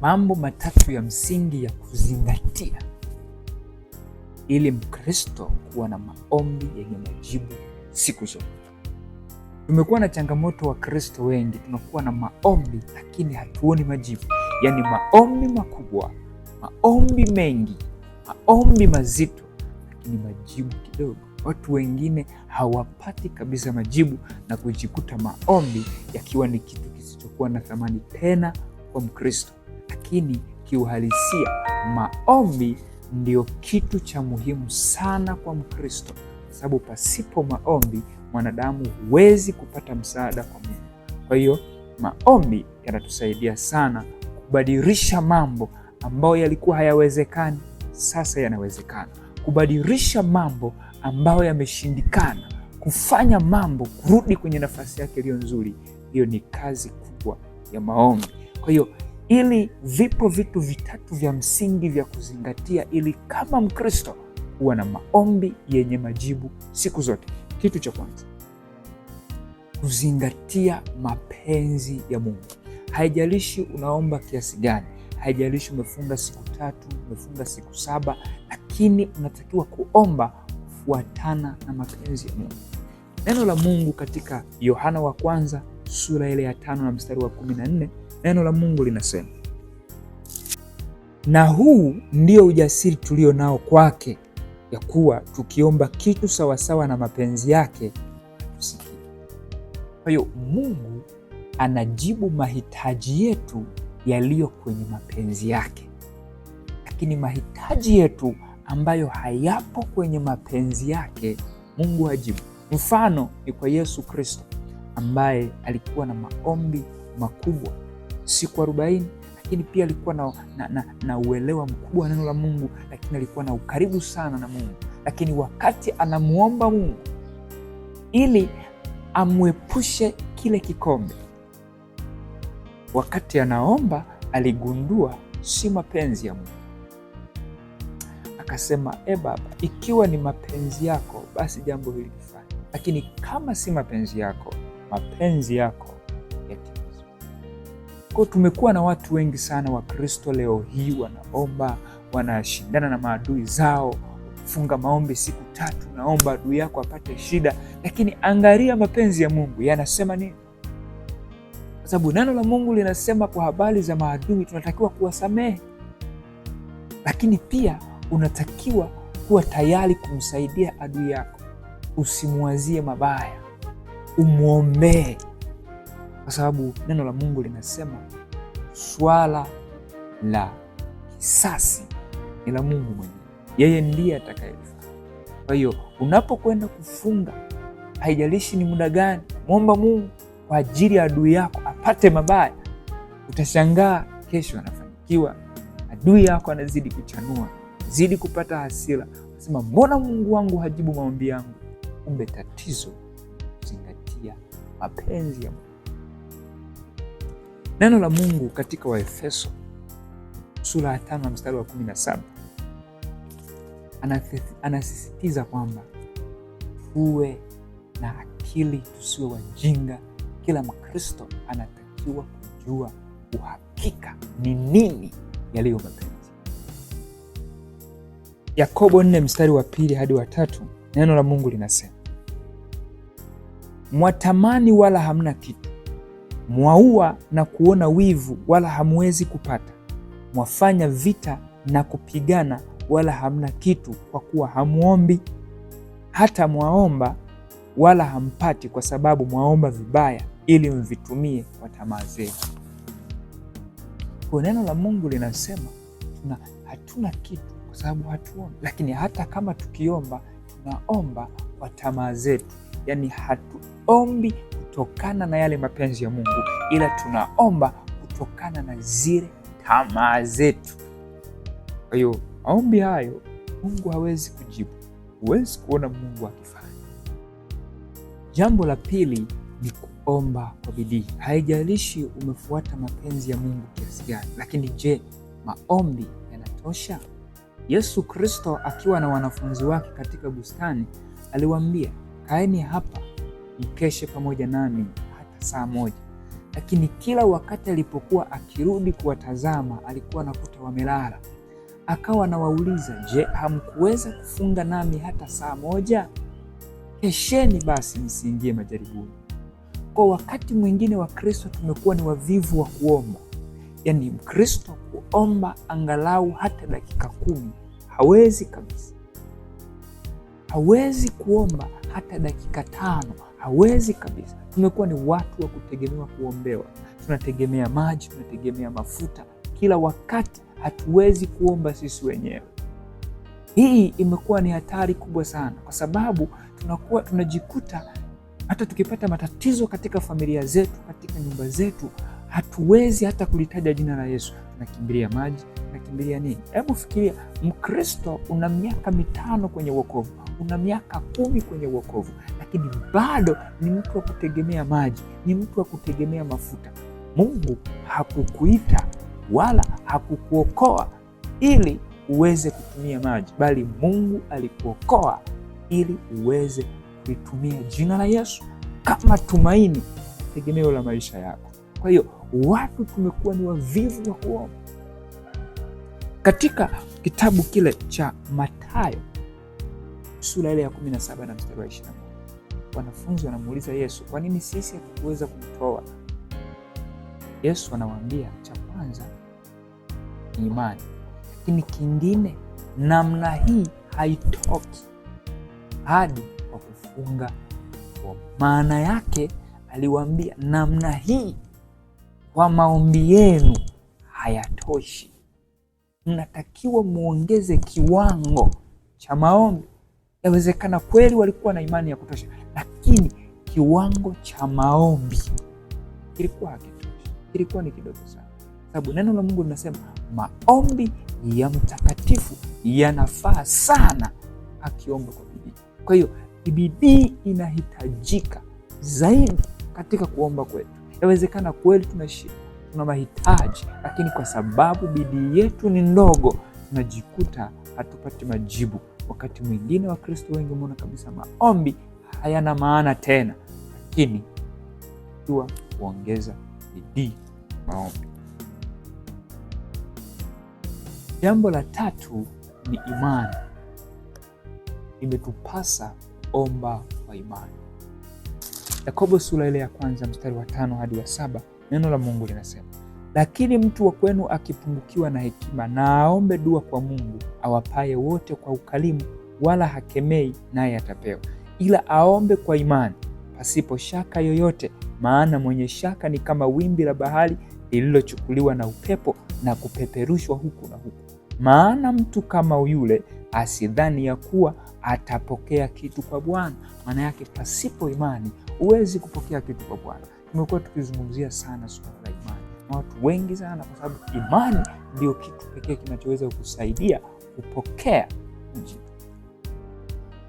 mambo matatu ya msingi ya kuzingatia ili Mkristo kuwa na maombi yenye majibu siku zote. Tumekuwa na changamoto, Wakristo wengi tunakuwa na maombi lakini hatuoni majibu, yaani maombi makubwa, maombi mengi, maombi mazito, lakini majibu kidogo. Watu wengine hawapati kabisa majibu na kujikuta maombi yakiwa ni kitu kisichokuwa na thamani tena kwa Mkristo. Lakini kiuhalisia, maombi ndio kitu cha muhimu sana kwa Mkristo, kwa sababu pasipo maombi mwanadamu huwezi kupata msaada kwa Mungu. Kwa hiyo maombi yanatusaidia sana kubadilisha mambo ambayo yalikuwa hayawezekani, sasa yanawezekana, kubadilisha mambo ambayo yameshindikana, kufanya mambo kurudi kwenye nafasi yake iliyo nzuri. Hiyo ni kazi kubwa ya maombi. Kwa hiyo ili vipo vitu vitatu vya msingi vya kuzingatia ili kama Mkristo huwa na maombi yenye majibu siku zote. Kitu cha kwanza, kuzingatia mapenzi ya Mungu. Haijalishi unaomba kiasi gani, haijalishi umefunga siku tatu, umefunga siku saba, lakini unatakiwa kuomba kufuatana na mapenzi ya Mungu. Neno la Mungu katika Yohana wa kwanza sura ile ya tano na mstari wa kumi na nne Neno la Mungu linasema, na huu ndio ujasiri tulio nao kwake, ya kuwa tukiomba kitu sawasawa na mapenzi yake tusikie. Kwa hiyo Mungu anajibu mahitaji yetu yaliyo kwenye mapenzi yake, lakini mahitaji yetu ambayo hayapo kwenye mapenzi yake Mungu hajibu. Mfano ni kwa Yesu Kristo ambaye alikuwa na maombi makubwa siku arobaini lakini pia alikuwa na, na, na, na uelewa mkubwa wa neno la Mungu, lakini alikuwa na ukaribu sana na Mungu. Lakini wakati anamwomba Mungu ili amwepushe kile kikombe, wakati anaomba aligundua si mapenzi ya Mungu, akasema e Baba, ikiwa ni mapenzi yako basi jambo hili lifanye, lakini kama si mapenzi yako, mapenzi yako kwa tumekuwa na watu wengi sana Wakristo leo hii wanaomba, wanashindana na maadui zao, funga maombi siku tatu, naomba adui yako apate shida. Lakini angalia mapenzi ya Mungu yanasema nini? Kwa sababu neno la Mungu linasema kwa habari za maadui tunatakiwa kuwasamehe, lakini pia unatakiwa kuwa tayari kumsaidia adui yako. Usimwazie mabaya, umwombee kwa sababu neno la Mungu linasema swala la kisasi ni la Mungu mwenyewe, yeye ndiye atakayefanya. Kwa hiyo unapokwenda kufunga, haijalishi ni muda gani, mwomba Mungu kwa ajili ya adui yako apate mabaya. Utashangaa kesho anafanikiwa, adui yako anazidi kuchanua, zidi kupata hasira, asema mbona Mungu wangu hajibu maombi yangu? Kumbe tatizo kuzingatia mapenzi ya Mungu. Neno la Mungu katika Waefeso sura ya 5 mstari wa 17 anasisitiza kwamba tuwe na akili, tusiwe wajinga. Kila Mkristo anatakiwa kujua uhakika ni nini yaliyo mapenzi. Yakobo 4 mstari wa pili hadi wa tatu, neno la Mungu linasema mwatamani wala hamna kitu mwaua na kuona wivu, wala hamwezi kupata; mwafanya vita na kupigana, wala hamna kitu, kwa kuwa hamwombi. Hata mwaomba, wala hampati, kwa sababu mwaomba vibaya, ili mvitumie kwa tamaa zenu. Kwa neno la Mungu linasema tuna, hatuna kitu kwa sababu hatuombi, lakini hata kama tukiomba, tunaomba kwa tamaa zetu, yaani hatuombi kutokana na yale mapenzi ya Mungu, ila tunaomba kutokana na zile tamaa zetu. Kwa hiyo maombi hayo Mungu hawezi kujibu, huwezi kuona Mungu akifanya. Jambo la pili ni kuomba kwa bidii. Haijalishi umefuata mapenzi ya Mungu kiasi gani, lakini je, maombi yanatosha? Yesu Kristo akiwa na wanafunzi wake katika bustani aliwaambia, kaeni hapa mkeshe pamoja nami hata saa moja. Lakini kila wakati alipokuwa akirudi kuwatazama, alikuwa anakuta wamelala. Akawa anawauliza, je, hamkuweza kufunga nami hata saa moja? Kesheni basi, msiingie majaribuni. Kwa wakati mwingine Wakristo tumekuwa ni wavivu wa kuomba, yaani Mkristo kuomba angalau hata dakika kumi hawezi kabisa, hawezi kuomba hata dakika tano hawezi kabisa. Tumekuwa ni watu wa kutegemewa kuombewa, tunategemea maji, tunategemea mafuta kila wakati, hatuwezi kuomba sisi wenyewe. Hii imekuwa ni hatari kubwa sana, kwa sababu tunakuwa tunajikuta hata tukipata matatizo katika familia zetu, katika nyumba zetu, hatuwezi hata kulitaja jina la Yesu, tunakimbilia maji, tunakimbilia nini? Hebu fikiria, Mkristo una miaka mitano kwenye wokovu una miaka kumi kwenye uokovu, lakini bado ni mtu wa kutegemea maji, ni mtu wa kutegemea mafuta. Mungu hakukuita wala hakukuokoa ili uweze kutumia maji, bali Mungu alikuokoa ili uweze kuitumia jina la Yesu kama tumaini, tegemeo la maisha yako. Kwa hiyo watu tumekuwa ni wavivu wa kuomba. Katika kitabu kile cha Mathayo sura ile ya 17 na mstari wa 21. Wanafunzi wanamuuliza Yesu, kwa nini sisi hatukuweza kumtoa? Yesu anawaambia cha kwanza ni imani, lakini kingine, namna hii haitoki hadi kwa kufunga kwa. Maana yake aliwaambia namna hii kwa maombi yenu hayatoshi, mnatakiwa muongeze kiwango cha maombi Inawezekana kweli walikuwa na imani ya kutosha, lakini kiwango cha maombi kilikuwa hakitoshi, kilikuwa ni kidogo sana, sababu neno la Mungu linasema maombi ya mtakatifu yanafaa sana akiomba kwa bidii. Kwa hiyo bidii inahitajika zaidi katika kuomba kwetu. Yawezekana kweli shida, tuna mahitaji, lakini kwa sababu bidii yetu ni ndogo, tunajikuta hatupati majibu. Wakati mwingine Wakristo wengi umeona kabisa maombi hayana maana tena, lakini ikiwa kuongeza bidii maombi. Jambo la tatu ni imani. Imetupasa omba kwa imani. Yakobo sura ile ya kwanza mstari wa tano hadi wa saba neno la Mungu linasema lakini mtu wa kwenu akipungukiwa na hekima, na aombe dua kwa Mungu awapaye wote kwa ukarimu, wala hakemei, naye atapewa; ila aombe kwa imani, pasipo shaka yoyote. Maana mwenye shaka ni kama wimbi la bahari lililochukuliwa na upepo na kupeperushwa huku na huku. Maana mtu kama yule asidhani ya kuwa atapokea kitu kwa Bwana. Maana yake pasipo imani huwezi kupokea kitu kwa Bwana. Tumekuwa tukizungumzia sana suala la imani na watu wengi sana, kwa sababu imani ndio kitu pekee kinachoweza kusaidia kupokea mjibu.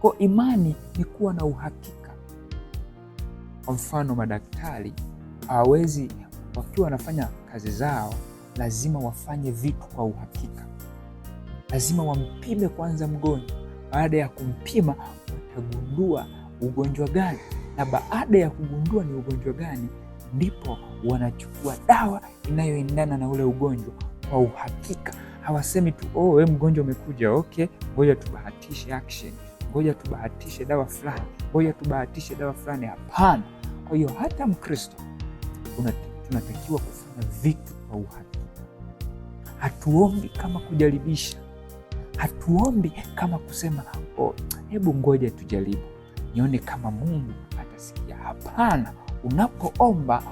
Kwa imani ni kuwa na uhakika. Kwa mfano, madaktari hawawezi wakiwa wanafanya kazi zao, lazima wafanye vitu kwa uhakika, lazima wampime kwanza mgonjwa. Baada ya kumpima, watagundua ugonjwa gani, na baada ya kugundua ni ugonjwa gani ndipo wanachukua dawa inayoendana na ule ugonjwa kwa uhakika. Hawasemi tu oh, we mgonjwa umekuja, okay, ngoja tubahatishe action, ngoja tubahatishe dawa fulani, ngoja tubahatishe dawa fulani. Hapana. Kwa hiyo hata Mkristo tunatakiwa kufanya vitu kwa uhakika. Hatuombi kama kujaribisha, hatuombi kama kusema oh, hebu ngoja tujaribu nione kama Mungu atasikia. Hapana unapoomba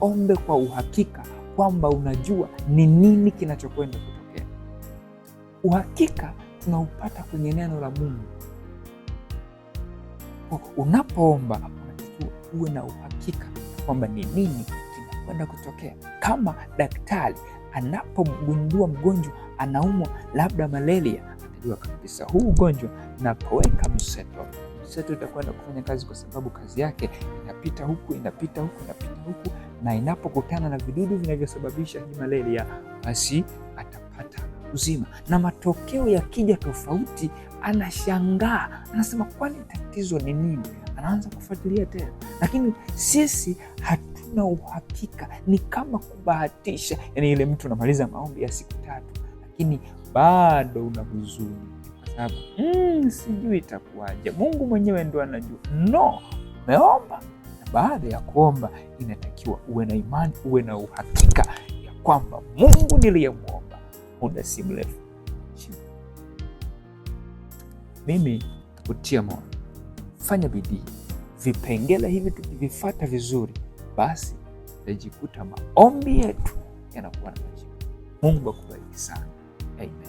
uombe kwa uhakika kwamba unajua ni nini kinachokwenda kutokea. Uhakika tunaupata kwenye neno la Mungu. Unapoomba unatakiwa uwe na uhakika kwamba ni nini kinakwenda kutokea. Kama daktari anapomgundua mgonjwa anaumwa labda malaria, anajua kabisa huu ugonjwa, napoweka mseto kabisa tu itakwenda kufanya kazi, kwa sababu kazi yake inapita huku inapita huku inapita huku, na inapokutana na vidudu vinavyosababisha hii malaria, basi atapata uzima. Na matokeo yakija tofauti, anashangaa, anasema kwani tatizo ni nini? Anaanza kufuatilia tena, lakini sisi hatuna uhakika, ni kama kubahatisha. Yani ile mtu unamaliza maombi ya siku tatu, lakini bado una huzuni sababu mm, sijui itakuwaje, Mungu mwenyewe ndo anajua. No, umeomba, na baada ya kuomba inatakiwa uwe na imani, uwe na uhakika ya kwamba Mungu niliyemwomba muda si mrefu. Mimi kutia moyo, fanya bidii, vipengele hivi tukivifata vizuri, basi tutajikuta maombi yetu yanakuwa na majibu. Mungu akubariki sana. Amen.